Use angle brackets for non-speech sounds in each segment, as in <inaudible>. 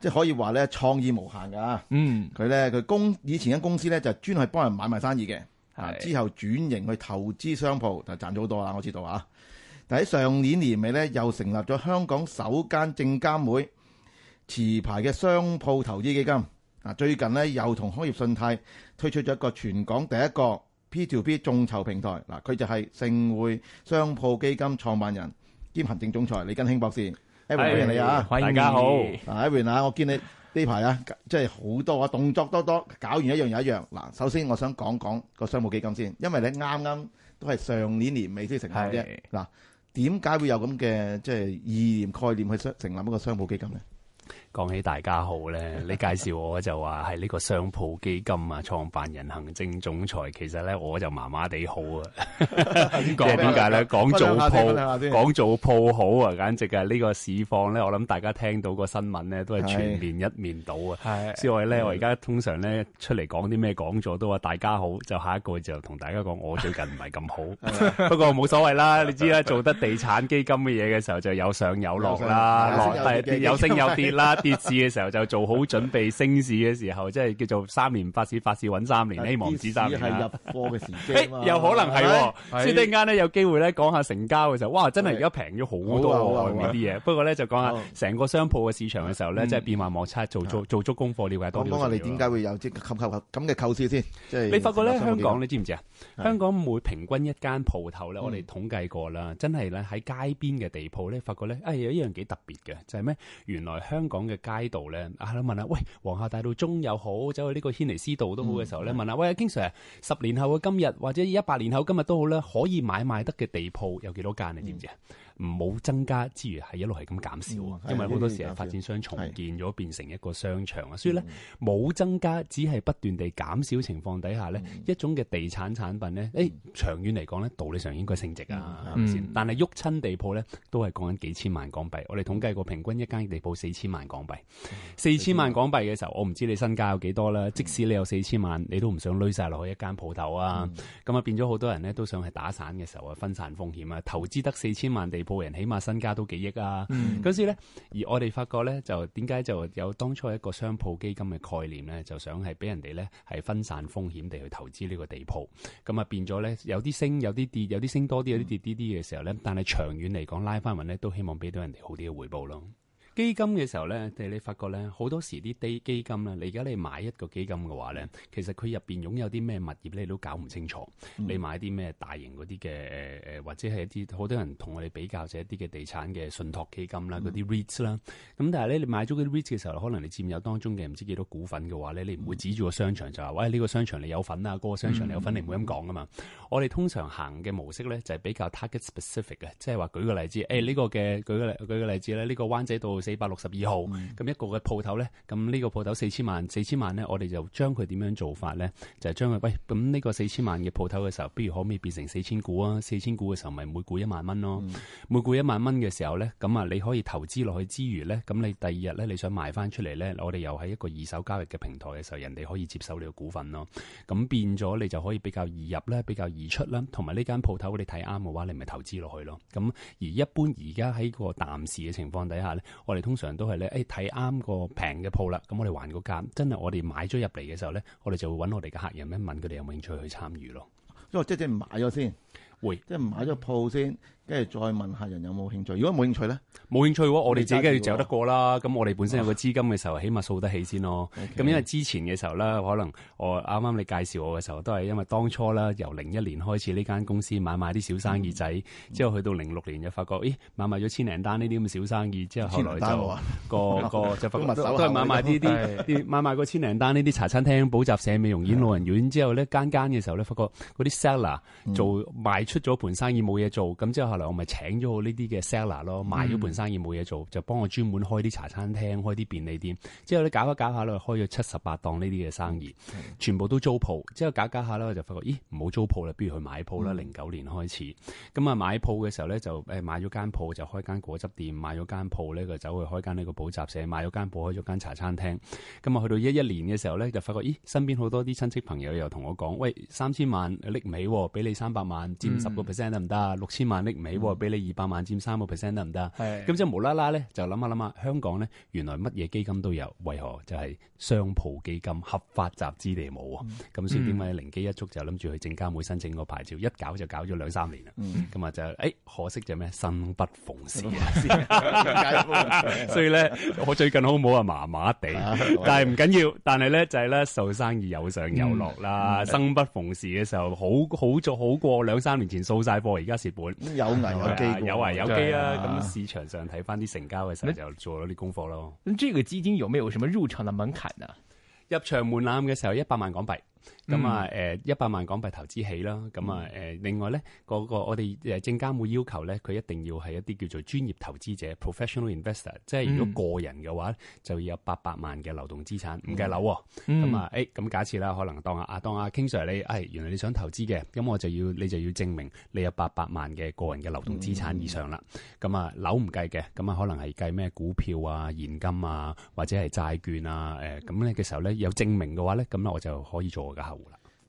即係可以話咧，創意無限㗎。嗯，佢咧，佢公以前喺公司咧，就專係幫人買賣生意嘅，的之後轉型去投資商鋪，就賺咗好多啦。我知道啊。但喺上年年尾咧，又成立咗香港首間證監會持牌嘅商鋪投資基金。啊，最近呢，又同康業信貸推出咗一個全港第一個 P2P 眾籌平台。嗱，佢就係盛滙商鋪基金創辦人兼行政總裁李根興博士。e 文歡迎你啊！Hey, 你大家好。嗱，阿文啊，我見你呢排啊，即係好多啊，動作多多，搞完一樣又一樣。嗱，首先我想講講個商務基金先，因為你啱啱都係上年年尾先成立啫。嗱，點解會有咁嘅即係意念概念去成成立一個商務基金咧？講起大家好咧，你介紹我就話係呢個商鋪基金啊，創辦人、行政總裁。其實咧，我就麻麻地好啊，即點解咧？講做鋪，講做鋪好啊，簡直係呢個市況咧。我諗大家聽到個新聞咧，都係全面一面倒啊。之外咧，我而家通常咧出嚟講啲咩講座，都話大家好，就下一個就同大家講我最近唔係咁好。不過冇所謂啦，你知啦，做得地產基金嘅嘢嘅時候就有上有落啦，有升有跌啦。跌市嘅時候就做好準備，升市嘅時候即係叫做三年發市發市揾三年，希望止三年。啲入貨嘅時機嘛，又可能係，所以陣間咧有機會咧講下成交嘅時候，哇！真係而家平咗好多嗰啲嘢。不過咧就講下成個商鋪嘅市場嘅時候咧，即係變幻莫測，做做足功課，瞭解多啲講講我哋點解會有即咁嘅構思先。即係你發覺咧，香港你知唔知啊？香港每平均一間鋪頭咧，我哋統計過啦，真係咧喺街邊嘅地鋪咧，發覺咧哎呀呢樣幾特別嘅就係咩？原來香港。嘅街道咧，啊，你問下喂，皇后大道中又好，走去呢個軒尼詩道都好嘅時候咧，嗯、問下喂，King Sir，十年後嘅今日，或者一百年後的今日都好咧，可以買賣得嘅地鋪有幾多間，你知唔知啊？嗯唔好增加之餘係一路係咁減少啊！因為好多時候發展商重建咗，變成一個商場啊，所以咧冇增加，只係不斷地減少情況底下咧，一種嘅地產產品咧，誒長遠嚟講咧，道理上應該升值啊，係咪先？但係喐親地鋪咧，都係講緊幾千萬港幣。我哋統計過平均一間地鋪四千萬港幣，四千萬港幣嘅時候，我唔知你身家有幾多啦。即使你有四千萬，你都唔想攞曬落去一間鋪頭啊！咁啊變咗好多人咧都想係打散嘅時候啊分散風險啊，投資得四千萬地。鋪人起碼身家都幾億啊，嗰時咧，而我哋發覺咧，就點解就有當初一個商鋪基金嘅概念咧，就想係俾人哋咧係分散風險地去投資呢個地鋪，咁啊變咗咧有啲升有啲跌，有啲升多啲，有啲跌啲啲嘅時候咧，但係長遠嚟講拉返勻咧，都希望俾到人哋好啲嘅回報咯。基金嘅時候咧，就你發覺咧，好多時啲啲基金咧，你而家你買一個基金嘅話咧，其實佢入邊擁有啲咩物業咧，你都搞唔清楚。嗯、你買啲咩大型嗰啲嘅誒誒，或者係一啲好多人同我哋比較就一啲嘅地產嘅信託基金啦，嗰啲 REITs 啦。咁但係咧，你買咗啲 REITs 嘅時候，可能你佔有當中嘅唔知幾多股份嘅話咧，你唔會指住個商場就話，喂呢、嗯、個商場你有份啊，嗰、這個商場你有份，你唔會咁講噶嘛。嗯、我哋通常行嘅模式咧，就係比較 target specific 嘅，即係話舉個例子，誒、哎、呢、這個嘅舉個例舉個例子咧，呢、這個灣仔道，四百六十二號，咁、嗯、一個嘅鋪頭呢，咁呢個鋪頭四千萬，四千萬呢，我哋就將佢點樣做法呢？就係將佢，喂，咁呢個四千萬嘅鋪頭嘅時候，不如可唔可以變成四千股啊？四千股嘅時候，咪每股一萬蚊咯，嗯、每股一萬蚊嘅時候呢，咁啊，你可以投資落去之餘呢，咁你第二日呢，你想賣翻出嚟呢，我哋又喺一個二手交易嘅平台嘅時候，人哋可以接受你嘅股份咯。咁變咗你就可以比較易入啦，比較易出啦，同埋呢間鋪頭，你睇啱嘅話，你咪投資落去咯。咁而一般而家喺個淡市嘅情況底下呢。我通常都係咧，誒睇啱個平嘅鋪啦，咁我哋還個價真係我哋買咗入嚟嘅時候咧，我哋就會揾我哋嘅客人咧，問佢哋有冇興趣去參與咯。因為即係會即係買咗先，會即係買咗鋪先。跟住再問客人有冇興趣。如果冇興趣咧，冇興趣喎，我哋自己梗係要走得過啦。咁我哋本身有個資金嘅時候，起碼掃得起先咯。咁因為之前嘅時候啦，可能我啱啱你介紹我嘅時候，都係因為當初啦，由零一年開始呢間公司買賣啲小生意仔，之後去到零六年就發覺，咦買賣咗千零單呢啲咁小生意，之後後來就個個就發覺都係買賣啲啲，買賣個千零單呢啲茶餐廳、補習社、美容院、老人院，之後咧間間嘅時候咧，發覺嗰啲 seller 做賣出咗盤生意冇嘢做，咁之我咪請咗我呢啲嘅 seller 咯，買咗盤生意冇嘢做，就幫我專門開啲茶餐廳、開啲便利店。之後咧搞一搞下咧，開咗七十八檔呢啲嘅生意，全部都租鋪。之後搞一搞下咧，就發覺咦，唔好租鋪啦，不如去買鋪啦。零九年開始咁啊，買鋪嘅時候咧就誒買咗間鋪就開間果汁店，買咗間鋪咧佢走去開間呢個補習社，買咗間鋪開咗間茶餐廳。咁啊，去到一一年嘅時候咧，就發覺咦，身邊好多啲親戚朋友又同我講，喂，三千萬拎唔起，俾你三百萬佔十個 percent 得唔得？六千萬拎唔起。俾你二百萬佔三個 percent 得唔得？咁即係無啦啦咧，就諗下諗下，香港咧原來乜嘢基金都有，為何就係商鋪基金合法集資地冇啊？咁先點解靈機一觸就諗住去證監會申請個牌照，一搞就搞咗兩三年啦。咁啊、嗯、就、欸， <laughs> 哎，可惜就咩？生不逢時。 <laughs> <laughs> 所以咧，我最近好唔好啊？麻麻地，但係唔緊要。但係咧就係、是、咧，做生意有上有落啦，嗯、生不逢時嘅時候，好好做好過兩三年前掃晒貨而家蝕本。有。有 <music> 啊，有啊，有機啊！咁、啊、市場上睇返啲成交嘅時候，就做咗啲功課咯。咁呢個資金有冇有什麼入場嘅門檻啊？入場門檻嘅時候，一百萬港幣。咁啊，誒一百萬港幣投資起啦，咁啊誒，另外咧個個我哋誒證監會要求咧，佢一定要係一啲叫做專業投資者 （professional investor），即係如果個人嘅話，就要有八百萬嘅流動資產，唔計樓。咁啊，咁假設啦，可能當阿當啊 King Sir 你，誒原來你想投資嘅，咁我就要你就要證明你有八百萬嘅個人嘅流動資產以上啦。咁啊，樓唔計嘅，咁啊可能係計咩股票啊、現金啊，或者係債券啊，咁咧嘅時候咧有證明嘅話咧，咁我就可以做個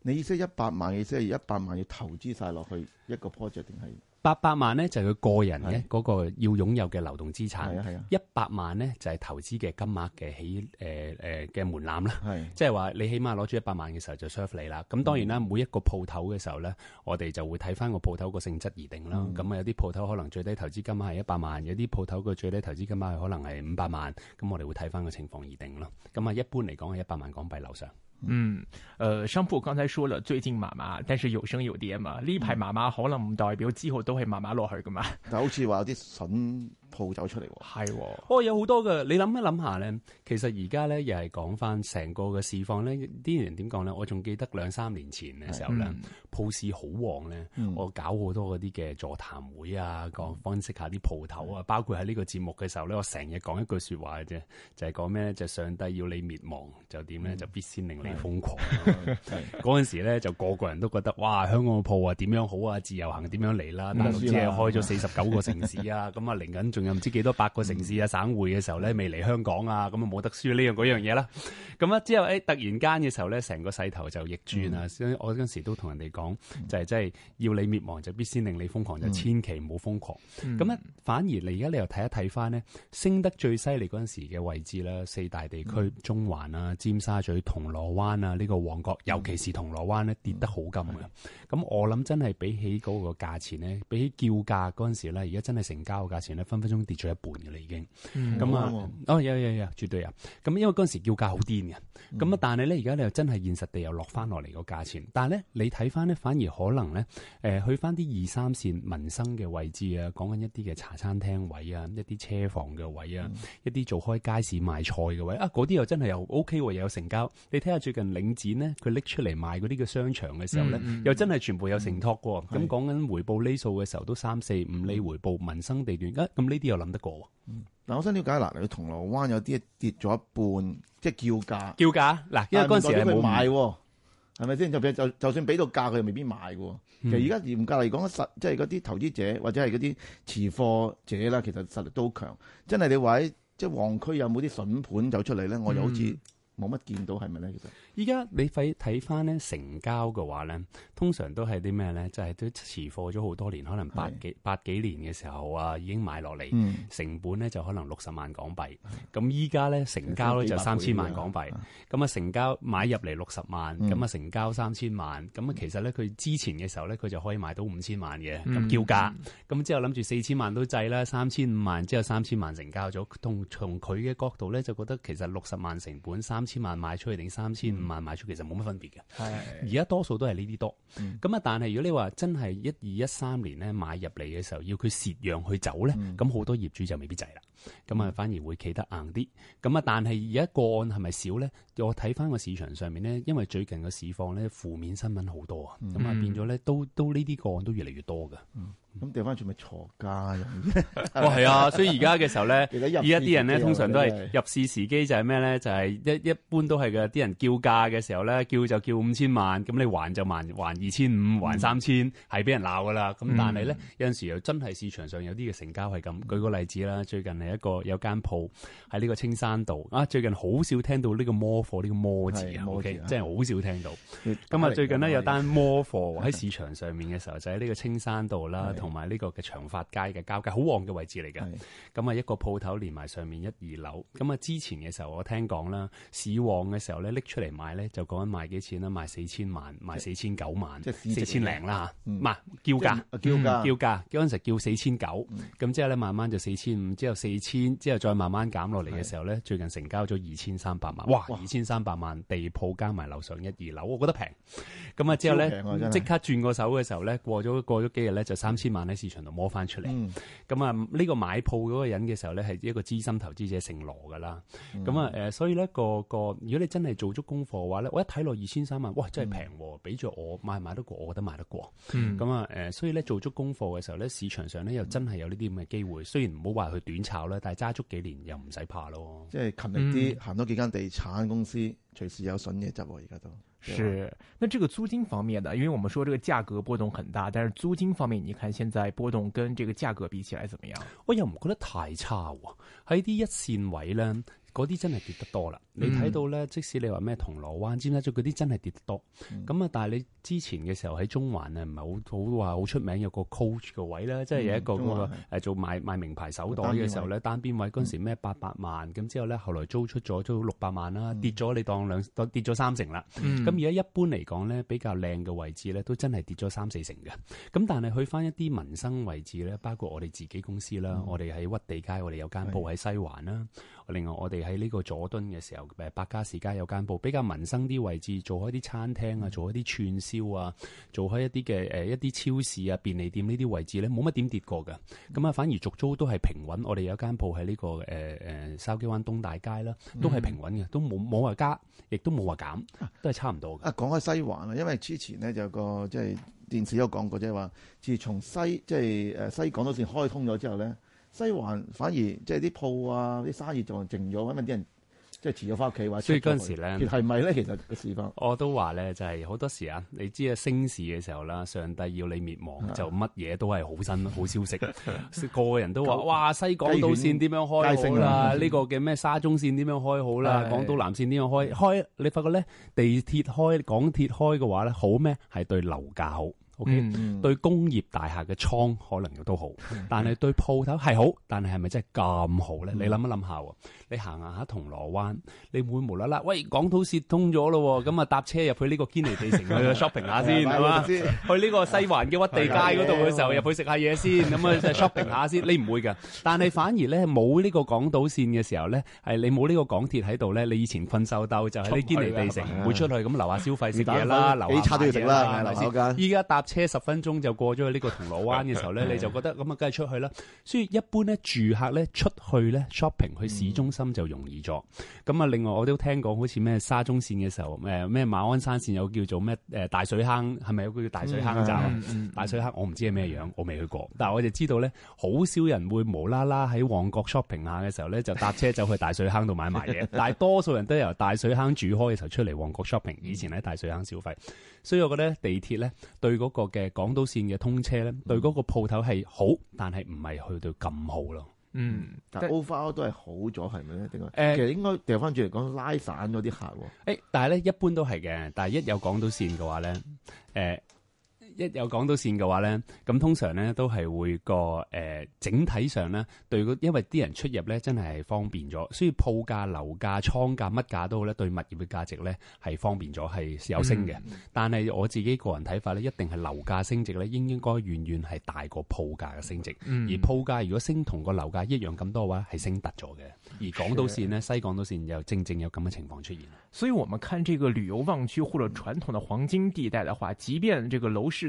你意思一百萬嘅意思係一百萬要投資晒落去一個 project 定係八百萬咧就係佢個人嘅嗰的個要擁有嘅流動資產。係啊係啊，一百萬咧就係投資嘅金額嘅起誒誒嘅門檻啦。係的，即係話你起碼攞住一百萬嘅時候就 serve 你啦。咁的當然啦，每一個鋪頭嘅時候咧，我哋就會睇翻個鋪頭個性質而定啦。咁啊的有啲鋪頭可能最低投資金額係一百萬，有啲鋪頭個最低投資金額係可能係五百萬。咁我哋會睇翻個情況而定咯。咁啊一般嚟講係一百萬港幣樓上。嗯，誒、呃，商鋪剛才說了最近麻麻，但是有升有跌嘛？呢排麻麻可能唔代表之後都係麻麻落去噶嘛？ <laughs> 但好似話有啲笋。鋪走出嚟係，我、哦哦、有好多嘅。你諗一諗下咧，其實而家咧又係講翻成個嘅市況咧。啲人點講咧？我仲記得兩三年前嘅時候咧，嗯、鋪市好旺咧。嗯、我搞好多嗰啲嘅座談會啊，講、嗯、分析一下啲鋪頭啊。包括喺呢個節目嘅時候咧，我成日講一句説話嘅啫，就係、是、講咩？就上帝要你滅亡就點咧？就必先令你瘋狂、啊。嗰陣、嗯、 <laughs> 時咧，就個個人都覺得哇，香港鋪啊點樣好啊，自由行點樣嚟啦、啊？大陸只係開咗四十九個城市啊，咁啊嚟緊又唔知幾多百個城市啊、嗯、省會嘅時候咧，未嚟香港啊，咁啊冇得輸呢樣嗰樣嘢啦。咁啊之後，誒、欸、突然間嘅時候咧，成個勢頭就逆轉啊！嗯、所以我嗰陣時都同人哋講、就係，嗯、就係真係要你滅亡就必先令你瘋狂，就、嗯、千祈唔好瘋狂。咁啊、嗯，反而你而家你又睇一睇翻呢，升得最犀利嗰陣時嘅位置啦，四大地區、嗯、中環啊、尖沙咀、銅鑼灣啊，呢、這個旺角，嗯、尤其是銅鑼灣咧跌得好急嘅。咁、嗯、我諗真係比起嗰個價錢呢，比起叫價嗰陣時咧，而家真係成交嘅價錢呢。分分，中跌咗一半嘅啦，已經咁啊，哦有有有，絕對有！咁因為嗰時叫價好癲嘅，咁啊，但係咧而家你又真係現實地又落翻落嚟個價錢，但係咧你睇翻咧反而可能咧，誒去翻啲二三線民生嘅位置啊，講緊一啲嘅茶餐廳位啊，一啲車房嘅位啊，一啲做開街市賣菜嘅位啊，嗰啲又真係又 OK，又有成交。你睇下最近領展咧，佢拎出嚟賣嗰啲嘅商場嘅時候咧，又真係全部有承托嘅。咁講緊回報呢數嘅時候都三四五厘，你回報民生地段咁你。呢啲又諗得過，嗱、嗯，但我想了解嗱，你去銅鑼灣有啲跌咗一半，即係叫價，叫價，嗱，因為嗰陣時你冇買，係咪先？就譬就就算俾到價，佢又未必買嘅。其實而家嚴格嚟講，實即係嗰啲投資者或者係嗰啲持貨者啦，其實實力都強。真係你話喺即係旺區有冇啲筍盤走出嚟咧？我又好似。嗯冇乜見到係咪咧？其實依家你睇睇翻咧成交嘅話咧，通常都係啲咩咧？就係、是、都持貨咗好多年，可能八幾的八幾年嘅時候啊，已經買落嚟，嗯、成本咧就可能六十萬港幣。咁依家咧成交咧就三千萬港幣。咁啊成交買入嚟六十萬，咁啊、嗯、成交三千萬。咁啊其實咧佢之前嘅時候咧，佢就可以買到五千萬嘅咁、嗯、叫價。咁、嗯、之後諗住四千萬都制啦，三千五萬之後三千萬成交咗。同從佢嘅角度咧，就覺得其實六十萬成本三千萬買出去，定三千五萬買出去，其實冇乜分別嘅。而家的多數都係呢啲多。咁啊、嗯，但係如果你話真係一、二、一三年咧買入嚟嘅時候，要佢蝕讓去走咧，咁好、嗯、多業主就未必滯啦。咁啊，反而會企得硬啲。咁啊，但係而家個案係咪少咧？我睇翻個市場上面咧，因為最近嘅市況咧負面新聞好多啊，咁啊、嗯、變咗咧都都呢啲個案都越嚟越多嘅。嗯咁掉翻轉咪坐家又？哦係啊，所以而家嘅時候咧，而家啲人咧通常都係入市時機就係咩咧？就係一一般都係嘅，啲人叫價嘅時候咧，叫就叫五千萬，咁你還就還還二千五，還三千係俾人鬧噶啦。咁但係咧有陣時又真係市場上有啲嘅成交係咁。舉個例子啦，最近係一個有間鋪喺呢個青山道啊，最近好少聽到呢個摩貨呢個摩字，OK，即係好少聽到。咁啊最近呢，有單摩貨喺市場上面嘅時候，就喺呢個青山道啦。同埋呢個嘅長發街嘅交界，好旺嘅位置嚟嘅。咁啊，一個鋪頭連埋上面一、二樓。咁啊，之前嘅時候我聽講啦，市旺嘅時候咧，拎出嚟賣咧就講緊賣幾錢啦？賣四千萬，賣四千九萬，四千零啦嚇，唔叫價，叫價，叫嗰陣時叫四千九。咁之後咧，慢慢就四千五，之後四千，之後再慢慢減落嚟嘅時候咧，最近成交咗二千三百萬。哇，二千三百萬地鋪加埋樓上一、二樓，我覺得平。咁啊，之後咧即刻轉個手嘅時候咧，過咗過咗幾日咧就三千。萬喺市場度摸翻出嚟，咁啊呢個買鋪嗰個人嘅時候咧，係一個資深投資者姓羅噶啦，咁啊誒，所以咧、個個如果你真係做足功課嘅話咧，我一睇落二千三萬，哇真係平，俾咗、嗯、我買買得過，我覺得買得過，咁啊誒，所以咧做足功課嘅時候咧，市場上咧又真係有呢啲咁嘅機會，雖然唔好話佢短炒啦，但係揸足幾年又唔使怕咯。即係勤力啲，嗯、行多幾間地產公司。隨時有筍嘢執喎，而家都。是，那這個租金方面呢？因為我們說這個價格波動很大，但是租金方面，你看現在波動跟這個價格比起來怎麼樣？我又唔覺得太差喎，喺啲一綫位呢。嗰啲真係跌得多啦。你睇到咧，即使你話咩銅鑼灣尖沙咀嗰啲真係跌得多咁啊。但係你之前嘅時候喺中環啊，唔係好好話好出名有個 Coach 嘅位咧，即係有一個嗰個做賣賣名牌手袋嘅時候咧，單邊位嗰陣時咩八百萬咁，之後咧後來租出咗都六百萬啦，跌咗你當兩跌咗三成啦。咁而家一般嚟講咧，比較靚嘅位置咧，都真係跌咗三四成嘅。咁但係去翻一啲民生位置咧，包括我哋自己公司啦，我哋喺屈地街，我哋有間鋪喺西環啦。另外，我哋喺呢個佐敦嘅時候，誒白加士街有間鋪比較民生啲位置，做開啲餐廳啊，做開啲串燒啊，做開一啲嘅、呃、一啲超市啊、便利店呢啲位置咧，冇乜點跌過㗎。咁啊、嗯，反而續租都係平穩。我哋有間鋪喺呢個誒誒筲箕灣東大街啦，都係平穩嘅，都冇冇話加，亦都冇話減，都係差唔多嘅、啊。啊，講開西環啦，因為之前咧就有個即係、就是、電視有講過，即係話自從西即係、就是、西港島線開通咗之後咧。西環反而即係啲鋪啊、啲生意仲係靜咗，因為啲人即係遲咗翻屋企，所以嗰陣時咧，係咪咧？其實嘅事況， <laughs> 我都話咧，就係、是、好多時啊！你知啊，升市嘅時候啦，上帝要你滅亡，是的 就乜嘢都係好新好 <laughs> 消息。個 <laughs> 個人都話， <laughs> 哇！西港島線點樣開好啦？呢犬個嘅咩沙中線點樣開好啦？的港島南線點樣開？的開你發覺咧，地鐵開、港鐵開嘅話咧，好咩？係對樓價好。O K，對工業大廈嘅倉可能都好，但係對鋪頭係好，但係係咪真係咁好咧？你諗一諗下喎，你行下銅鑼灣，你會唔會無啦啦？喂，港島線通咗咯，咁啊搭車入去呢個堅尼地城去 shopping 下先係嘛？去呢個西環嘅屈地街嗰度嘅時候入去食下嘢先，咁啊就 shopping 下先。你唔會㗎，但係反而咧冇呢個港島線嘅時候咧，你冇呢個港鐵喺度咧，你以前困獸鬥，就喺堅尼地城會出去咁留下消費食嘢啦，留下食啦，係依家搭。車十分鐘就過咗去呢個銅鑼灣嘅時候呢，你就覺得咁啊，梗係出去啦。所以一般呢住客呢出去呢 shopping 去市中心就容易咗。咁啊，另外我都聽講好似咩沙中線嘅時候，咩馬鞍山線有叫做咩大水坑，係咪有個叫大水坑站？大水坑我唔知係咩樣，我未去過。但係我就知道呢，好少人會無啦啦喺旺角 shopping 下嘅時候呢，就搭車走去大水坑度買埋嘢。但係多數人都由大水坑住開嘅時候出嚟旺角 shopping。以前喺大水坑消費。所以我覺得地鐵咧對嗰個嘅港島線嘅通車咧，對嗰個鋪頭係好，但係唔係去到咁好咯。嗯，但係 overall 都係好咗，係咪咧？點解？呃、其實應該掉翻轉嚟講，拉散咗啲客喎，欸。但係咧一般都係嘅。但係一有港島線嘅話咧，呃一有港島線嘅話呢，咁通常呢都係會個誒、呃、整體上呢，對因為啲人出入呢真係方便咗，所以鋪價、樓價、倉價乜價都好咧，對物業嘅價值呢係方便咗，係有升嘅。嗯、但係我自己個人睇法呢，一定係樓價升值呢，應應該遠遠係大過鋪價嘅升值。嗯、而鋪價如果升同個樓價一樣咁多嘅話，係升突咗嘅。而港島線呢，是西港島線又正正有咁嘅情況出現。所以，我們看這個旅遊旺區或者傳統的黃金地帶的話，嗯、即便這個樓市，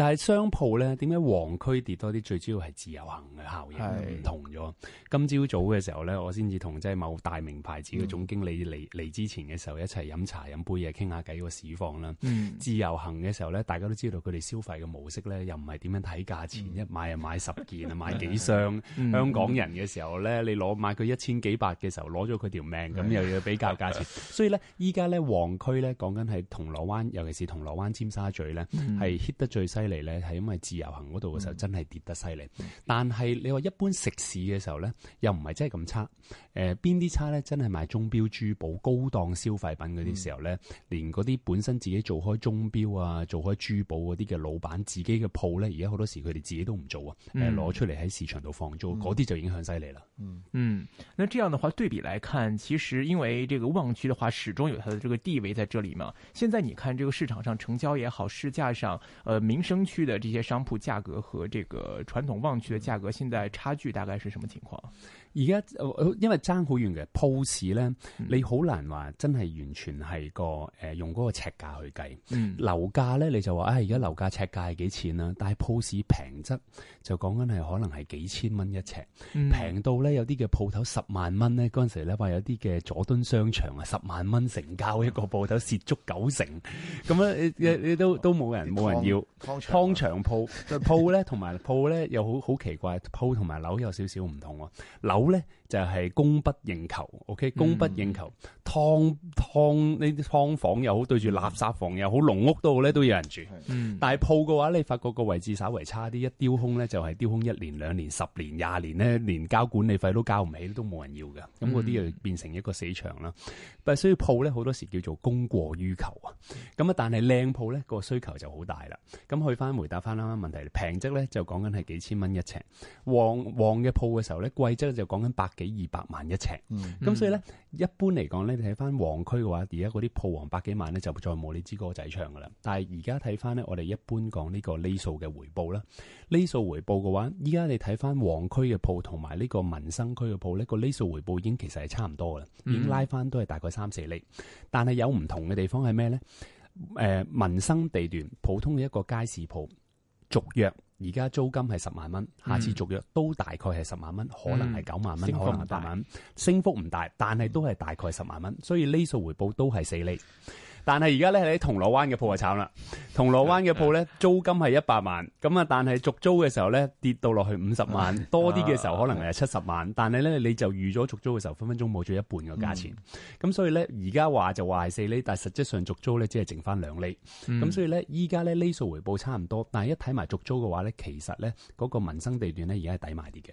但係商鋪咧，點解黃區跌多啲？最主要係自由行嘅效應唔同咗。今朝早嘅時候咧，我先至同即係某大名牌子嘅總經理嚟嚟、嗯、之前嘅時候一齊飲茶飲杯嘢傾下偈個市況啦。嗯、自由行嘅時候咧，大家都知道佢哋消費嘅模式咧，又唔係點樣睇價錢，一、嗯、買啊買十件啊 <laughs> 買幾箱。 <laughs> 嗯、香港人嘅時候咧，你攞買佢一千幾百嘅時候攞咗佢條命咁，嗯、又要比較價錢。 <laughs> 所以咧，依家咧黃區咧講緊係銅鑼灣，尤其是銅鑼灣尖沙咀咧，係 hit、嗯、得最犀利。嚟咧，係因為自由行嗰度嘅時候真係跌得犀利，但係你話一般食肆嘅時候咧，又唔係真係咁差。誒邊啲差呢？真係賣鐘錶珠寶、高檔消費品嗰啲時候呢，嗯、連嗰啲本身自己做開鐘錶啊、做開珠寶嗰啲嘅老闆自己嘅鋪呢，而家好多時佢哋自己都唔做啊！攞、嗯呃、出嚟喺市場度放租，嗰啲、嗯、就影響犀利啦。嗯嗯，那這樣的話對比來看，其實因為這個旺區的話，始終有它的這個地位在這裡嘛。現在你看這個市場上成交也好，市價上，呃民生區的這些商鋪價格和這個傳統旺區的價格，現在差距大概係什麼情況？而家因為爭好遠嘅鋪市咧，嗯、你好難話真係完全係個、呃、用嗰個尺價去計、嗯、樓價咧，你就話啊，而、哎、家樓價尺價係幾錢啦、啊？但係鋪市平質就講緊係可能係幾千蚊一尺，平、嗯、到咧有啲嘅鋪頭十萬蚊咧，嗰陣時咧話有啲嘅佐敦商場啊十萬蚊成交一個鋪頭蝕足九成，咁樣、嗯、你你都、嗯、都冇人冇人要㗎。湯場鋪、湯場啊，鋪咧，同埋鋪咧，又好好奇怪，鋪同埋樓有少少唔同啊。好咧。就係供不應求，OK？供不應求，嗯、劏劏呢啲劏，劏房又好，對住垃圾房又好，籠屋都好咧，都有人住。嗯、但係鋪嘅話，你發覺個位置稍為差啲，一丟空咧就係、是、丟空一年、兩年、十年、廿年咧，連交管理費都交唔起，都冇人要㗎。咁嗰啲就變成一個死場啦。但係需要鋪咧，好多時叫做供過於求啊。咁啊，但係靚鋪咧個需求就好大啦。咁去翻回答翻啱啱問題，平質咧就講緊係幾千蚊一尺，旺旺嘅鋪嘅時候咧，貴質就講緊百幾二百萬一尺，咁、嗯嗯、所以咧，一般嚟講咧，你睇翻旺區嘅話，而家嗰啲鋪王百幾萬咧，就再冇呢支歌仔唱噶啦。但係而家睇翻咧，我哋一般講呢個利數嘅回報啦，利數回報嘅話，依家你睇翻旺區嘅鋪同埋呢個民生區嘅鋪咧，個利數回報已經其實係差唔多噶啦，已經拉翻都係大概三四厘。嗯、但係有唔同嘅地方係咩咧？誒，民生地段普通嘅一個街市鋪，續約。而家租金係十萬蚊，下次續約都大概係十萬蚊，可能係九萬蚊，可能係八萬，升幅唔大，大，大，但係都係大概十萬蚊，所以呢數回報都係四厘。但係而家咧喺銅鑼灣嘅鋪就慘啦，銅鑼灣嘅鋪咧租金係一百萬，咁啊 <laughs> 但係續租嘅時候咧跌到落去五十萬多啲嘅時候可能係七十萬，但係咧你就預咗續租嘅時候分分鐘冇咗一半嘅價錢，咁、嗯、所以咧而家話就話係四厘，但係實際上續租咧只係剩翻兩厘。咁、嗯、所以咧依家咧厘數回報差唔多，但係一睇埋續租嘅話咧，其實咧嗰個民生地段咧而家係抵埋啲嘅。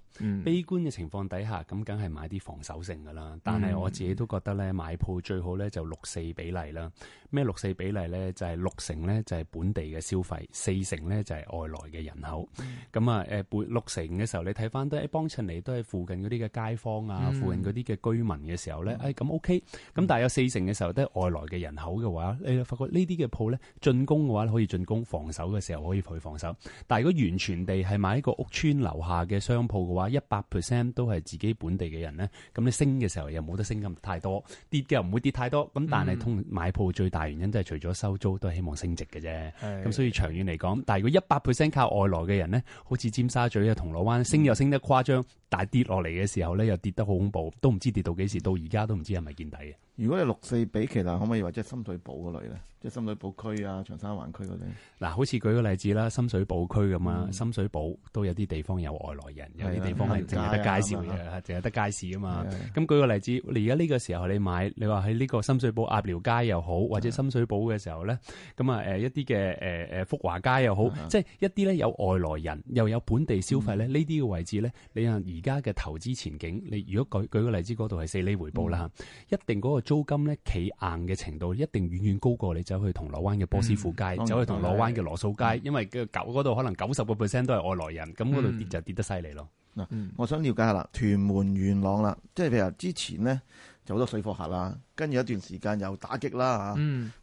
嗯、悲觀嘅情況底下，咁梗係買啲防守性噶啦。但係我自己都覺得咧，買鋪最好咧就六四比例啦。咩六四比例咧？就係、是、六成咧就係本地嘅消費，四成咧就係外來嘅人口。咁啊、嗯，誒、嗯，六成嘅時候你睇返都係幫襯嚟，都係附近嗰啲嘅街坊啊，嗯、附近嗰啲嘅居民嘅時候咧，誒、哎，咁 OK、嗯。咁但係有四成嘅時候都係外來嘅人口嘅話，你發覺呢啲嘅鋪咧進攻嘅話可以進攻，防守嘅時候可以去防守。但係如果完全地係買一個屋邨樓下嘅商鋪嘅話，一百 percent 都係自己本地嘅人咧，咁你升嘅時候又冇得升咁太多，跌嘅又唔會跌太多，咁但係通買鋪最大原因都係除咗收租，都係希望升值嘅啫。咁是的 所以長遠嚟講，但係如果一百 percent 靠外來嘅人咧，好似尖沙咀啊、銅鑼灣升又升得誇張，但係跌落嚟嘅時候咧又跌得好恐怖，都唔知跌到幾時，到而家都唔知係咪見底嘅。如果你六四比，其他可唔可以話即係深水埗嗰類咧？即係深水埗區啊、長沙灣區嗰啲。嗱，好似舉個例子啦，深水埗區咁啊。深水埗都有啲地方有外來人，有啲地方係淨係得街市嘅，淨係得街市啊嘛。咁舉個例子，你而家呢個時候你買，你話喺呢個深水埗鴨寮街又好，或者深水埗嘅時候咧，咁啊一啲嘅福華街又好，即係一啲咧有外來人又有本地消費咧，呢啲嘅位置咧，你啊而家嘅投資前景，你如果舉舉個例子嗰度係四厘回報啦，一定嗰個租金咧，企硬嘅程度一定遠遠高過你走去銅鑼灣嘅波斯富街，走、嗯、去銅鑼灣嘅羅素街，嗯、因為九嗰度可能九十個 percent 都係外來人，咁嗰度跌就跌得犀利咯。嗱、嗯嗯啊，我想了解下啦，屯門元朗啦，即係譬如之前咧就好多水貨客啦，跟住一段時間又打擊啦吓，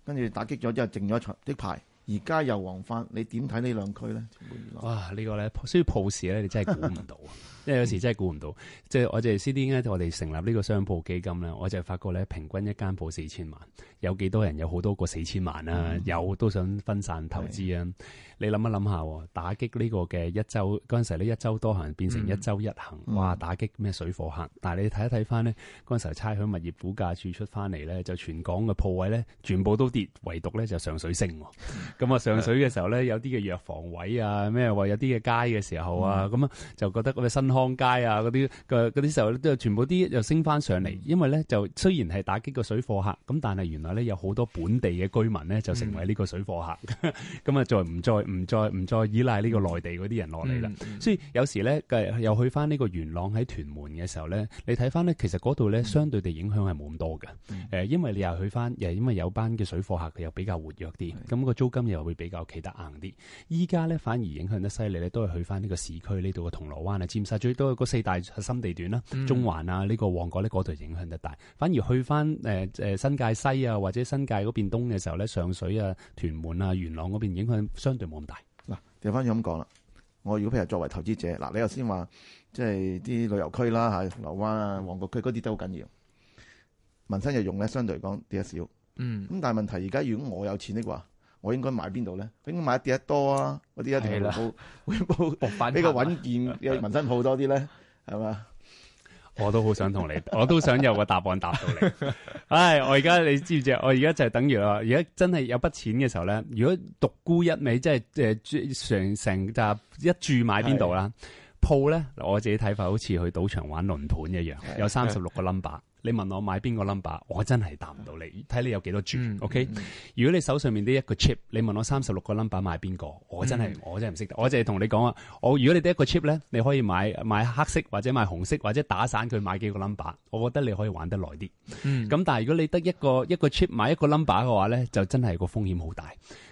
跟住、嗯、打擊咗之後靜咗一排，而家又黃翻，你點睇呢兩區咧？屯、嗯、元朗哇，啊這個、呢個咧需要鋪市咧，你真係估唔到啊！ <laughs> 即係、嗯、有時真係估唔到，即、就、係、是、我哋 C.D. 咧，我哋成立呢個商鋪基金咧，我就發覺咧，平均一間鋪四千萬，有幾多人有好多個四千萬啊？嗯、有都想分散投資啊！是你諗一諗下，打擊呢個嘅一周，嗰陣時一周多行變成一周一行，嗯、哇！打擊咩水貨客，嗯、但係你睇一睇翻呢，嗰陣時候差餉物業估價署出翻嚟咧，就全港嘅鋪位咧，全部都跌，唯獨咧就上水升。咁啊、嗯，嗯、上水嘅時候咧，有啲嘅藥房位啊，咩話有啲嘅街嘅時候啊，咁啊、嗯、就覺得嗰啲新逛街啊，嗰啲嗰啲時候咧，都全部啲又升翻上嚟，因為咧就雖然係打擊個水貨客，咁但係原來咧有好多本地嘅居民咧就成為呢個水貨客，咁啊再唔再唔再唔再依賴呢個內地嗰啲人落嚟啦？嗯嗯、所以有時咧嘅又去翻呢個元朗喺屯門嘅時候咧，你睇翻咧其實嗰度咧相對地影響係冇咁多嘅，誒、嗯，因為你又去翻，又因為有班嘅水貨客佢又比較活躍啲，咁個租金又會比較企得硬啲。依家咧反而影響得犀利咧，都係去翻呢個市區呢度嘅銅鑼灣啊、尖沙都有嗰四大核心地段啦，中環啊，呢個旺角咧，嗰度影響得大。反而去翻誒誒新界西啊，或者新界嗰邊東嘅時候咧，上水啊、屯門啊、元朗嗰邊影響相對冇咁大。嗱，掉翻咁講啦，我如果譬如作為投資者，嗱你頭先話即係啲旅遊區啦，吓，樓灣啊、旺角區嗰啲都好緊要，民生日用咧相對嚟講跌得少。嗯，咁但係問題而家如果我有錢的話。我應該買邊度咧？應該買跌得多啊？嗰啲一條龍鋪，的會不 <laughs> 比較穩健嘅 <laughs> 民生鋪多啲咧，係嘛？我都好想同你， <laughs> 我都想有個答案答到你。唉、 <laughs> <laughs> 哎，我而家你知唔知啊？我而家就等於啊，而家真係有筆錢嘅時候咧，如果獨沽一味，即係即係上成就是呃、一住買邊度啦？的鋪咧，我自己睇法好似去賭場玩輪盤一樣，的有三十六個 number。 <laughs> 你問我買邊個 number，我真係答唔到你，睇你有幾多注。OK，如果你手上面得一個 chip，你問我三十六個 number 買邊個，我真係、嗯、我真係唔識。我淨係同你講啊，我如果你得一個 chip 咧，你可以買，買黑色或者買紅色或者打散佢買幾個 number，我覺得你可以玩得耐啲。咁、嗯、但係如果你得一個一個 chip 買一個 number 嘅話咧，就真係個風險好大。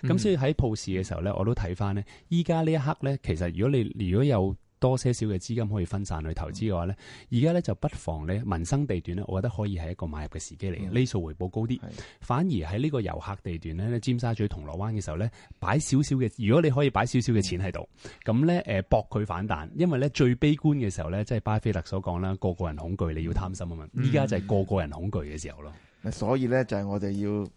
咁、嗯、所以喺鋪市嘅時候咧，我都睇翻咧，依家呢一刻咧，其實如果你如果有多些少嘅資金可以分散去投資嘅話咧，而家咧就不妨咧民生地段咧，我覺得可以係一個買入嘅時機嚟嘅，利、嗯、數回報高啲。的反而喺呢個遊客地段咧，尖沙咀、銅鑼灣嘅時候咧，擺少少嘅，如果你可以擺少少嘅錢喺度，咁咧誒搏佢反彈，因為咧最悲觀嘅時候咧，即、就、係、是、巴菲特所講啦，個個人恐懼你要貪心啊嘛，依家、嗯、就係個個人恐懼嘅時候咯、嗯。所以咧就係我哋要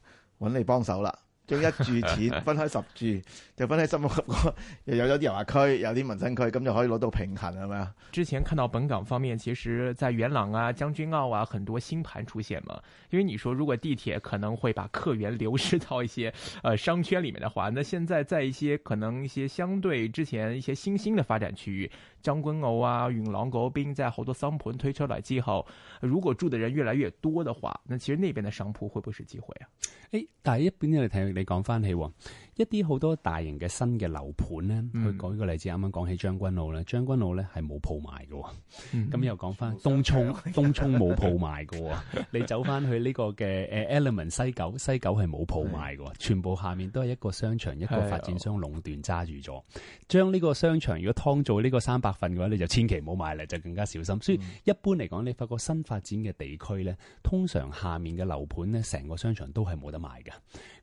搵你幫手啦。將一注錢分開十注，就分開十個，又有啲遊客區，有啲民生區，咁就可以攞到平衡，係咪啊？之前看到本港方面，其實在元朗啊、將軍澳啊，很多新盤出現嘛。因為你說如果地鐵可能會把客源流失到一些，呃，商圈裡面的話，那現在在一些可能一些相對之前一些新興的發展區域。將軍澳啊、元朗嗰邊、即係好多商盤推出嚟之後，如果住嘅人越嚟越多嘅話，咁其實呢邊嘅商舖會唔會係機會啊？誒、哎，但係一邊嚟睇，你講返起、哦。一啲好多大型嘅新嘅樓盤咧，去、嗯、講呢個例子，啱啱講起將軍澳咧，將軍澳咧係冇鋪賣嘅，咁、嗯、又講翻東涌，東涌冇鋪賣嘅，嗯、你走翻去呢個嘅誒 Element 西九，西九係冇鋪賣嘅，是全部下面都係一個商場的一個發展商壟斷揸住咗，的將呢個商場如果劏做呢個三百份嘅話，你就千祈唔好買啦，就更加小心。所以一般嚟講，你發覺新發展嘅地區咧，通常下面嘅樓盤咧，成個商場都係冇得賣嘅。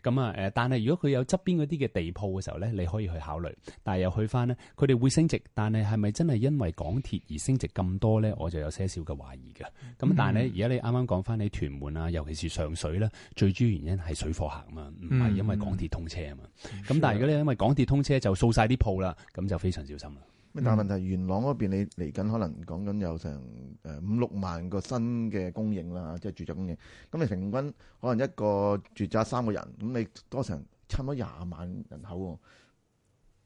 咁啊誒、呃、但係如果佢有側邊嘅。啲嘅地鋪嘅時候咧，你可以去考慮，但係又去翻咧，佢哋會升值，但係係咪真係因為港鐵而升值咁多咧？我就有些少嘅懷疑嘅。咁、嗯、但係咧，而家你啱啱講翻你屯門啊，尤其是上水咧，最主要原因係水貨客啊嘛，唔係因為港鐵通車啊嘛。咁、嗯、但係如果你因為港鐵通車就掃晒啲鋪啦，咁就非常小心啦。但係問題元朗嗰邊，你嚟緊可能講緊有成誒五六萬個新嘅供應啦，即係住宅供應。咁你平均可能一個住宅三個人，咁你多成。差唔多廿萬人口，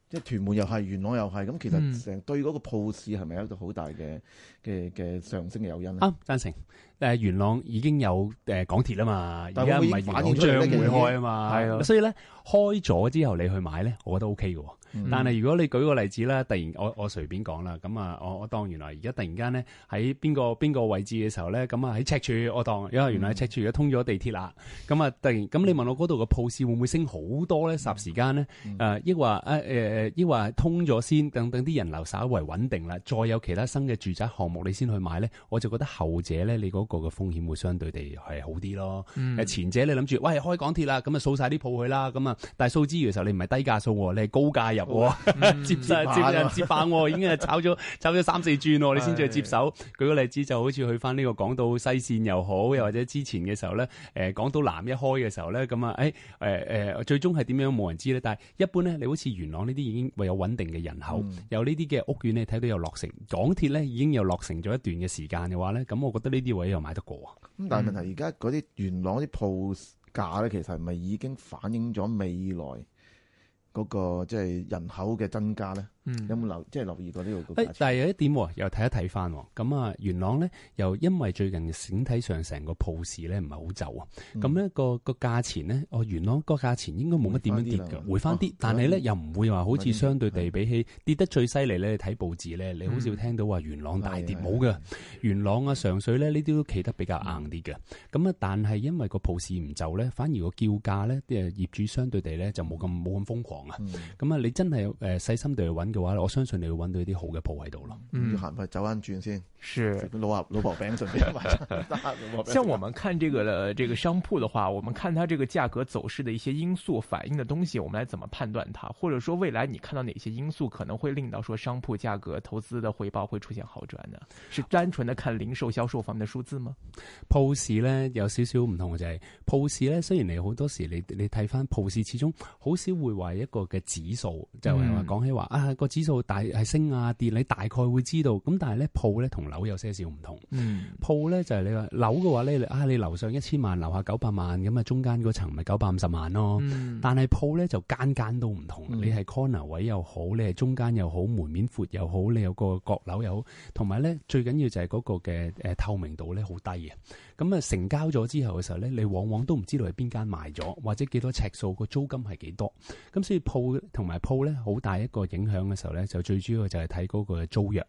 即係屯門又係，元朗又係，咁其實成對嗰個鋪市係咪有個好大嘅嘅嘅上升嘅誘因啊，贊成，誒、呃、元朗已經有誒、呃、港鐵啦嘛，而家唔係元朗漲會開啊嘛，係，所以咧開咗之後你去買咧，我覺得 O K 嘅，嗯、但係如果你舉個例子啦，突然我我隨便講啦，咁啊我我當原來而家突然間咧喺邊個邊個位置嘅時候咧，咁啊喺赤柱，我當因為原來喺赤柱而家通咗地鐵啦，咁啊、嗯、突然咁你問我嗰度嘅鋪市會唔會升好多咧？霎時間咧，誒亦、嗯啊、或啊誒誒亦或通咗先等等啲人流稍為穩，穩定啦，再有其他新嘅住宅項。目你先去買咧，我就覺得後者咧，你嗰個嘅風險會相對地係好啲咯。嗯、前者你諗住，喂開港鐵啦，咁啊掃晒啲鋪去啦，咁啊，但係掃之餘嘅時候，你唔係低價掃喎，你係高價入喎，接接接喎，已， <laughs> 已經係炒咗炒咗三四轉，你先至去接手。哎、舉個例子就好似去翻呢個港島西線又好，又或者之前嘅時候咧、呃，港島南一開嘅時候咧，咁啊、哎呃呃、最終係點樣冇人知咧。但係一般咧，你好似元朗呢啲已經有穩定嘅人口，嗯、有呢啲嘅屋苑咧睇到有落成，港鐵咧已經有落。成咗一段嘅時間嘅話咧，咁我覺得呢啲位又買得過啊。咁、嗯、但係問題而家嗰啲元朗啲鋪價咧，其實係咪已經反映咗未來嗰、那個即係、就是、人口嘅增加咧？嗯，有冇留即係留意過呢個？但係有一點喎，又睇一睇翻，咁啊，元朗咧又因為最近整體上成個鋪市咧唔係好就啊，咁呢個個價錢咧，哦元朗個價錢應該冇乜點樣跌噶，回翻啲，但係咧又唔會話好似相對地比起跌得最犀利咧，你睇報紙咧，你好少聽到話元朗大跌冇噶，元朗啊，上水咧呢啲都企得比較硬啲噶，咁啊，但係因為個鋪市唔就咧，反而個叫價咧啲業主相對地咧就冇咁冇咁瘋狂啊，咁啊，你真係誒細心地去搵，嘅話，我相信你會揾到一啲好嘅鋪喺度咯。嗯，行，咪走翻轉先。是。老阿老婆餅順便。像我們看這個呢，這個商鋪的話，我們看它這個價格走勢的一些因素反映的東西，我們來怎麼判斷它？或者說未來你看到哪些因素可能會令到說商鋪價格投資的回報會出現好轉呢？是單純的看零售銷售方面的數字嗎？鋪市呢有少少唔同嘅就係、是、鋪市呢，雖然你好多時你你睇翻鋪市，始終好少會話一個嘅指數，就係話講起話啊。個指數大係升啊跌，你大概會知道。咁但係咧，鋪咧同樓有些少唔同。鋪咧、嗯、就係、是、你樓話樓嘅話咧，啊你樓上一千萬，樓下九百萬，咁啊中間嗰層咪九百五十萬咯。嗯、但係鋪咧就間間都唔同。嗯、你係 corner 位又好，你係中間又好，門面闊又好，你有個閣樓又好，同埋咧最緊要就係嗰個嘅、呃、透明度咧好低嘅。咁啊，成交咗之後嘅時候咧，你往往都唔知道係邊間賣咗，或者幾多尺數，個租金係幾多，咁所以鋪同埋鋪咧好大一個影響嘅時候咧，就最主要就係睇嗰個租約。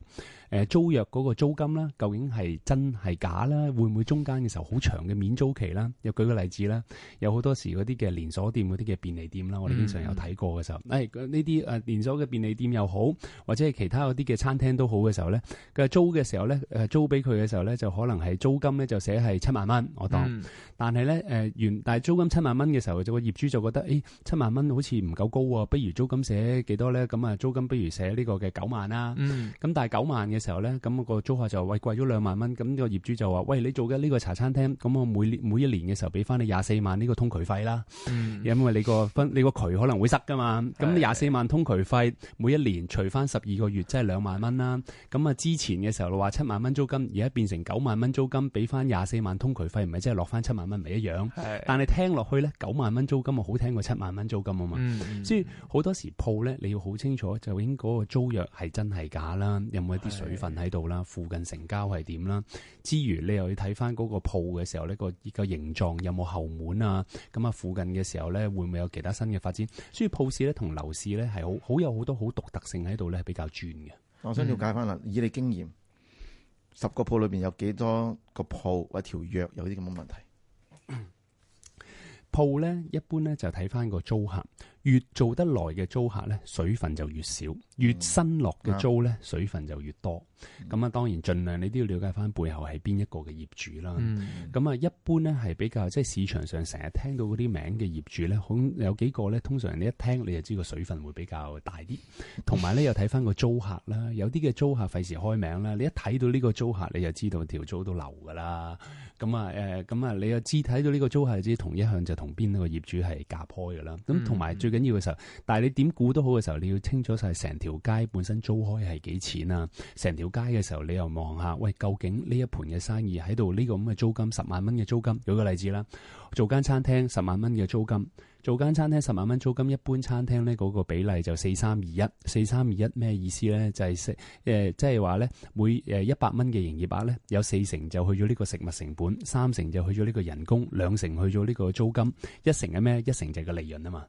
誒租約嗰個租金啦，究竟係真係假啦？會唔會中間嘅時候好長嘅免租期啦？又舉個例子啦，有好多時嗰啲嘅連鎖店嗰啲嘅便利店啦，我哋經常有睇過嘅時候，誒呢啲誒連鎖嘅便利店又好，或者係其他嗰啲嘅餐廳都好嘅時候咧，佢租嘅時候咧，誒租俾佢嘅時候咧，就可能係租金咧就寫係七萬蚊，我當。嗯但係咧，誒原但係租金七萬蚊嘅時候，就個業主就覺得，誒、哎、七萬蚊好似唔夠高喎，不如租金寫幾多咧？咁啊，租金不如寫呢個嘅九萬啦。咁、嗯、但係九萬嘅時候咧，咁、個租客就喂，貴咗兩萬蚊，咁、個業主就話，喂，你做緊呢個茶餐廳，咁我每每一年嘅時候俾翻你廿四萬呢個通渠費啦，嗯、因為你個分你個渠可能會塞噶嘛，咁你廿四萬通渠費每一年除翻十二個月即係兩萬蚊啦。咁啊之前嘅時候話七萬蚊租金，而家變成九萬蚊租金，俾翻廿四萬通渠費，唔係即係落翻七萬。咪一樣，但係聽落去咧九萬蚊租金啊，好聽過七萬蚊租金啊嘛。嗯、所以好多時鋪咧，你要好清楚究竟嗰個租約係真係假啦，有冇一啲水分喺度啦，嗯、附近成交係點啦，之餘你又要睇翻嗰個鋪嘅時候呢，個、嗰個形狀有冇後門啊，咁啊附近嘅時候呢，會唔會有其他新嘅發展？所以鋪市咧同樓市呢，係好好有好多好獨特性喺度呢係比較專嘅。我想了解翻啦，嗯、以你經驗，十個鋪裏邊有幾多個鋪或條約有啲咁嘅問題？鋪咧一般咧就睇翻個租客。越做得耐嘅租客咧，水分就越少；越新落嘅租咧，嗯、水分就越多。咁啊、嗯，當然盡量你都要了解翻背後係邊一個嘅業主啦。咁啊、嗯，一般咧係比較即係市場上成日聽到嗰啲名嘅業主咧，好有幾個咧，通常你一聽你就知個水分會比較大啲。同埋咧，又睇翻個租客啦，有啲嘅租客費事開名啦，你一睇到呢個租客你就知道條租都流噶啦。咁啊誒，咁啊你又知睇到呢個租客知同一向就同邊一個業主係夾開嘅啦。咁同埋最緊要嘅時候，但係你點估都好嘅時候，你要清楚晒成條街本身租開係幾錢啊？成條街嘅時候，你又望下，喂，究竟呢一盤嘅生意喺度？呢個咁嘅租金，十萬蚊嘅租金？舉個例子啦，做間餐廳，十萬蚊嘅租金。做間餐廳十萬蚊租金，一般餐廳咧嗰個比例就四三二一，四三二一咩意思咧？就係食誒，即係話咧每誒一百蚊嘅營業額咧，有四成就去咗呢個食物成本，三成就去咗呢個人工，兩成去咗呢個租金，一成係咩？一成就係個利潤啊嘛。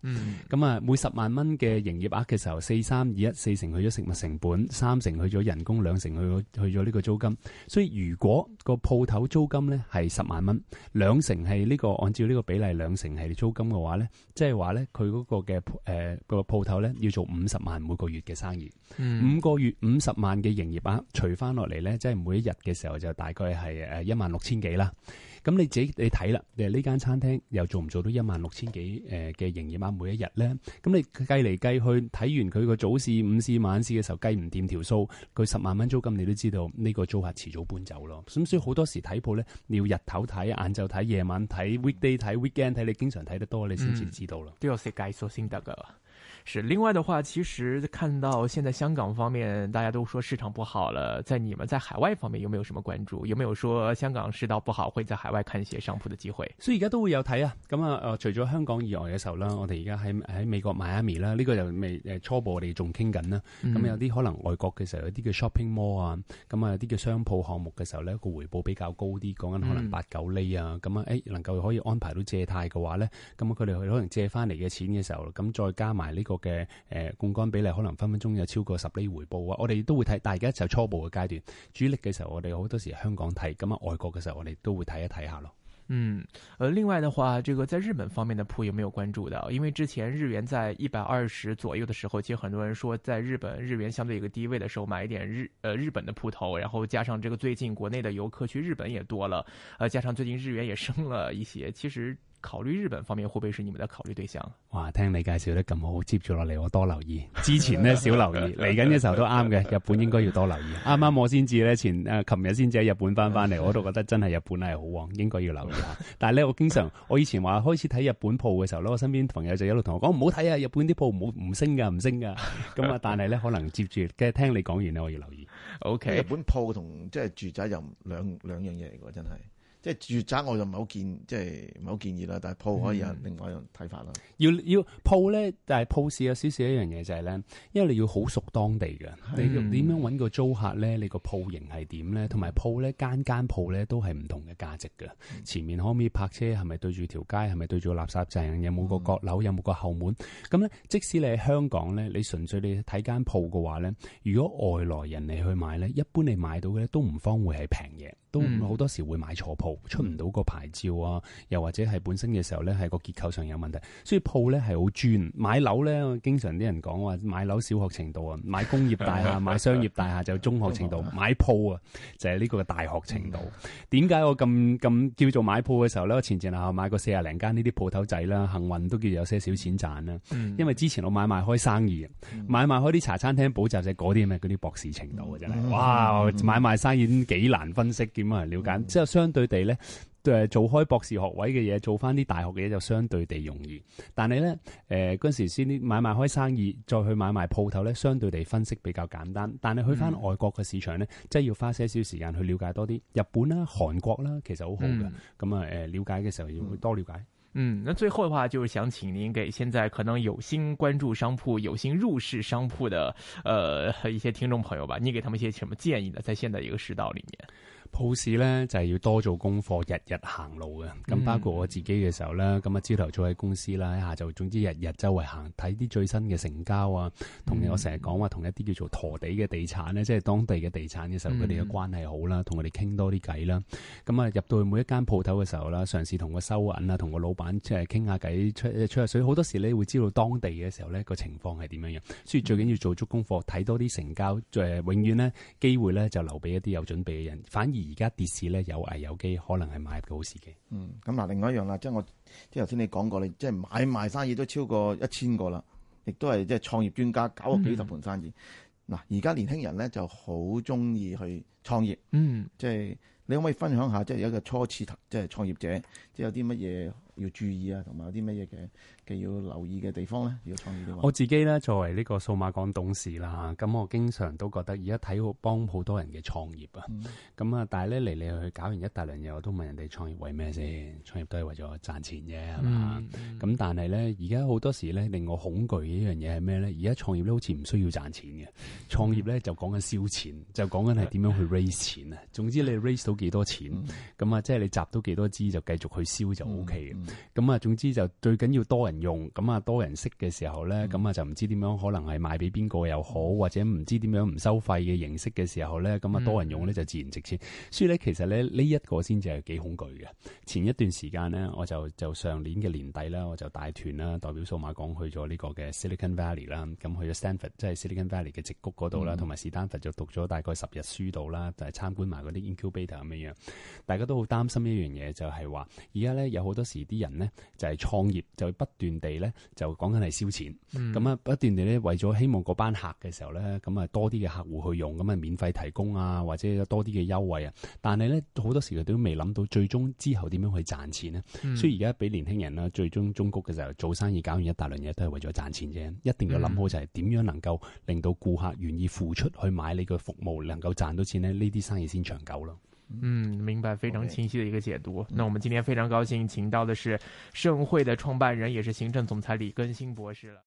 咁啊、嗯，每十萬蚊嘅營業額嘅時候，四三二一，四成去咗食物成本，三成去咗人工，兩成去咗去咗呢個租金。所以如果個鋪頭租金咧係十萬蚊，兩成係呢個按照呢個比例兩成係租金嘅話咧。即係話咧，佢嗰個嘅誒個鋪頭咧，要做五十萬每個月嘅生意，嗯、五個月五十萬嘅營業額除翻落嚟咧，即係每一日嘅時候就大概係誒一萬六千幾啦。咁你自己你睇啦，你呢間餐廳又做唔做到一萬六千幾嘅營業額每一日咧？咁你計嚟計去，睇完佢個早市、午市、晚市嘅時候，計唔掂條數，佢十萬蚊租金，你都知道呢個租客遲早搬走咯。咁所以好多時睇鋪咧，你要日頭睇、晏晝睇、夜晚睇、weekday 睇、weekend 睇，你經常睇得多，你先至知道囉。都要識計數先得㗎。是，另外的話，其實看到現在香港方面，大家都說市場不好了，在你們在海外方面有沒有什麼關注？有沒有說香港市道不好，會在海外看一些商鋪的機會？所以而家都會有睇啊，咁啊，呃、除咗香港以外嘅時候們現在在在啦，我哋而家喺美國邁阿米啦，呢個就未初步我哋仲傾緊啦，咁、嗯、有啲可能外國嘅時候有啲叫 shopping mall 啊，咁啊有啲叫商鋪項目嘅時候呢個回報比較高啲，講緊可能八九厘啊，咁、嗯、啊誒能夠可以安排到借貸嘅話呢，咁佢哋可能借翻嚟嘅錢嘅時候，咁再加埋呢、呢個。個嘅誒槓桿比例可能分分鐘有超過十厘回報啊！我哋都會睇，大家一齊初步嘅階段。主力嘅時候，我哋好多時香港睇，咁啊外國嘅時候，我哋都會睇一睇下咯。嗯，誒另外嘅話，這個在日本方面嘅鋪有冇有關注到？因為之前日元在一百二十左右嘅時候，其實有很多人說在日本日元相對一個低位嘅時候買一點日誒、呃、日本嘅鋪頭，然後加上這個最近國內的遊客去日本也多了，誒加上最近日元也升了一些，其實。考慮日本方面，會唔會是你們的考慮對象？哇，聽你介紹得咁好，接住落嚟我多留意。之前呢，少留意，嚟緊嘅時候都啱嘅。 <laughs> 日本應該要多留意。啱啱 <laughs> 我先至咧前誒，琴日先至喺日本返返嚟，我都覺得真係日本係好旺，應該要留意下。 <laughs> 但係咧，我經常我以前話開始睇日本鋪嘅時候咧，我身邊朋友就一路同我講唔好睇啊，日本啲鋪唔唔升噶，唔升噶。咁啊、 <laughs> 嗯，但係咧可能接住嘅聽你講完咧，我要留意。O Okay , K，日本鋪同即係住宅有兩兩樣嘢嚟嘅，真係。即係住宅，我就唔係好建，即係唔好建議啦、就是。但係鋪可以有另外一種睇法啦、嗯。要要鋪咧，但係鋪市有少少一樣嘢就係、是、咧，因為你要好熟當地嘅，嗯、你要點樣揾個租客咧？你個鋪型係點咧？同埋、嗯、鋪咧，間間鋪咧都係唔同嘅價值㗎。嗯、前面可唔可以泊車？係咪對住條街？係咪對住垃圾站？有冇個閣樓？有冇個後門？咁咧、嗯，即使你喺香港咧，你純粹你睇間鋪嘅話咧，如果外來人嚟去買咧，一般你買到嘅咧都唔方會係平嘢。嗯、都好多時會買錯鋪，出唔到個牌照啊，又或者係本身嘅時候咧係個結構上有問題，所以鋪咧係好專。買樓咧，經常啲人講話買樓小學程度啊，買工業大廈、 <laughs> 買商業大廈就中學程度，買鋪啊就係、是、呢個大學程度。點解、嗯、我咁咁叫做買鋪嘅時候咧？我前前後後買過四廿零間呢啲鋪頭仔啦，幸運都叫有些少錢賺啦。嗯、因為之前我買賣開生意，買賣開啲茶餐廳、補習社嗰啲咩？嗰啲博士程度嘅、啊、真係，嗯嗯、哇！買賣生意幾難分析嘅。點啊了解，即係相對地咧，誒做開博士學位嘅嘢，做翻啲大學嘅嘢就相對地容易。但係咧，誒、呃、嗰時先啲買賣開生意，再去買賣鋪頭咧，相對地分析比較簡單。但係去翻外國嘅市場咧，嗯、即係要花些少時間去了解多啲。日本啦、啊、韓國啦、啊，其實好好嘅。咁、嗯、啊，誒了解嘅時候要多了解。嗯，那最後嘅話，就係想請您給現在可能有心關注商鋪、有心入市商鋪的，誒、呃、一些聽眾朋友吧，你給他們一些什麼建議呢？在現在一個市道裏面。鋪士咧就係、是、要多做功課，日日行路嘅。咁包括我自己嘅時候咧，咁啊朝頭早喺公司啦，下晝就總之日日周圍行，睇啲最新嘅成交啊。同我成日講話同一啲叫做陀地嘅地產咧，嗯、即係當地嘅地產嘅時候，佢哋嘅關係好啦，同佢哋傾多啲偈啦。咁啊入到去每一間鋪頭嘅時候啦，嘗試同個收銀啊，同個老闆即係傾下偈，出出下水。好多時你會知道當地嘅時候咧個情況係點樣樣。所以最緊要做足功課，睇多啲成交，呃、永遠呢機會咧就留俾一啲有準備嘅人，反而。而家跌市咧有危有機，可能係買入嘅好時機。嗯，咁嗱，另外一樣啦，即係我即係頭先你講過，你即係買賣生意都超過一千個啦，亦都係即係創業專家搞個幾十盤生意。嗱、嗯，而家年輕人咧就好中意去創業。嗯，即係你可唔可以分享一下即，即係一個初次即係創業者，即係有啲乜嘢要注意啊，同埋有啲乜嘢嘅？要留意嘅地方咧，要創業嘅話，我自己咧作為呢個數碼港董事啦，咁我經常都覺得而家睇好幫好多人嘅創業啊。咁啊、嗯，但係咧嚟嚟去去搞完一大輪嘢，我都問人哋創業為咩先？創業都係為咗賺錢啫，係嘛，嗯？咁但係咧，而家好多時咧令我恐懼嘅一樣嘢係咩咧？而家創業都好似唔需要賺錢嘅，創業咧就講緊燒錢，就講緊係點樣去 raise 錢啊。嗯、總之你 raise 到幾多錢，咁啊、嗯、即係你集到幾多支就繼續去燒就 OK 嘅。咁啊、嗯嗯、總之就最緊要多人。用咁啊多人識嘅時候咧，咁啊、嗯、就唔知點樣可能係賣俾邊個又好，或者唔知點樣唔收費嘅形式嘅時候咧，咁啊多人用咧就自然值錢。嗯、所以咧其實咧呢一個先至係幾恐懼嘅。前一段時間咧，我就就上年嘅年底啦，我就帶團啦，代表數碼港去咗呢個嘅 Silicon Valley 啦 Sil，咁去咗 Stanford，即係 Silicon Valley 嘅直谷嗰度啦，同埋 Stanford 就讀咗大概十日書度啦，就係、是、參觀埋嗰啲 Incubator 咁樣。大家都好擔心一樣嘢，就係話而家咧有好多時啲人咧就係、是、創業就不斷地咧就講緊係燒錢，咁啊、嗯、不斷地咧為咗希望嗰班客嘅時候咧，咁啊多啲嘅客戶去用，咁啊免費提供啊或者多啲嘅優惠啊，但係咧好多時佢都未諗到最終之後點樣去賺錢呢、啊。嗯、所以而家俾年輕人啦，最終終局嘅時候做生意搞完一大輪嘢都係為咗賺錢啫，一定要諗好就係點樣能夠令到顧客願意付出去買你嘅服務，能夠賺到錢咧，呢啲生意先長久咯。嗯，明白，非常清晰的一個解讀。Okay. 那我們今天非常高興，請到的是盛滙的創辦人，也是行政總裁李根興博士了。